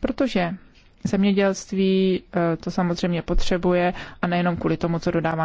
protože zemědělství eh, to samozřejmě potřebuje a nejenom kvůli tomu, co dodává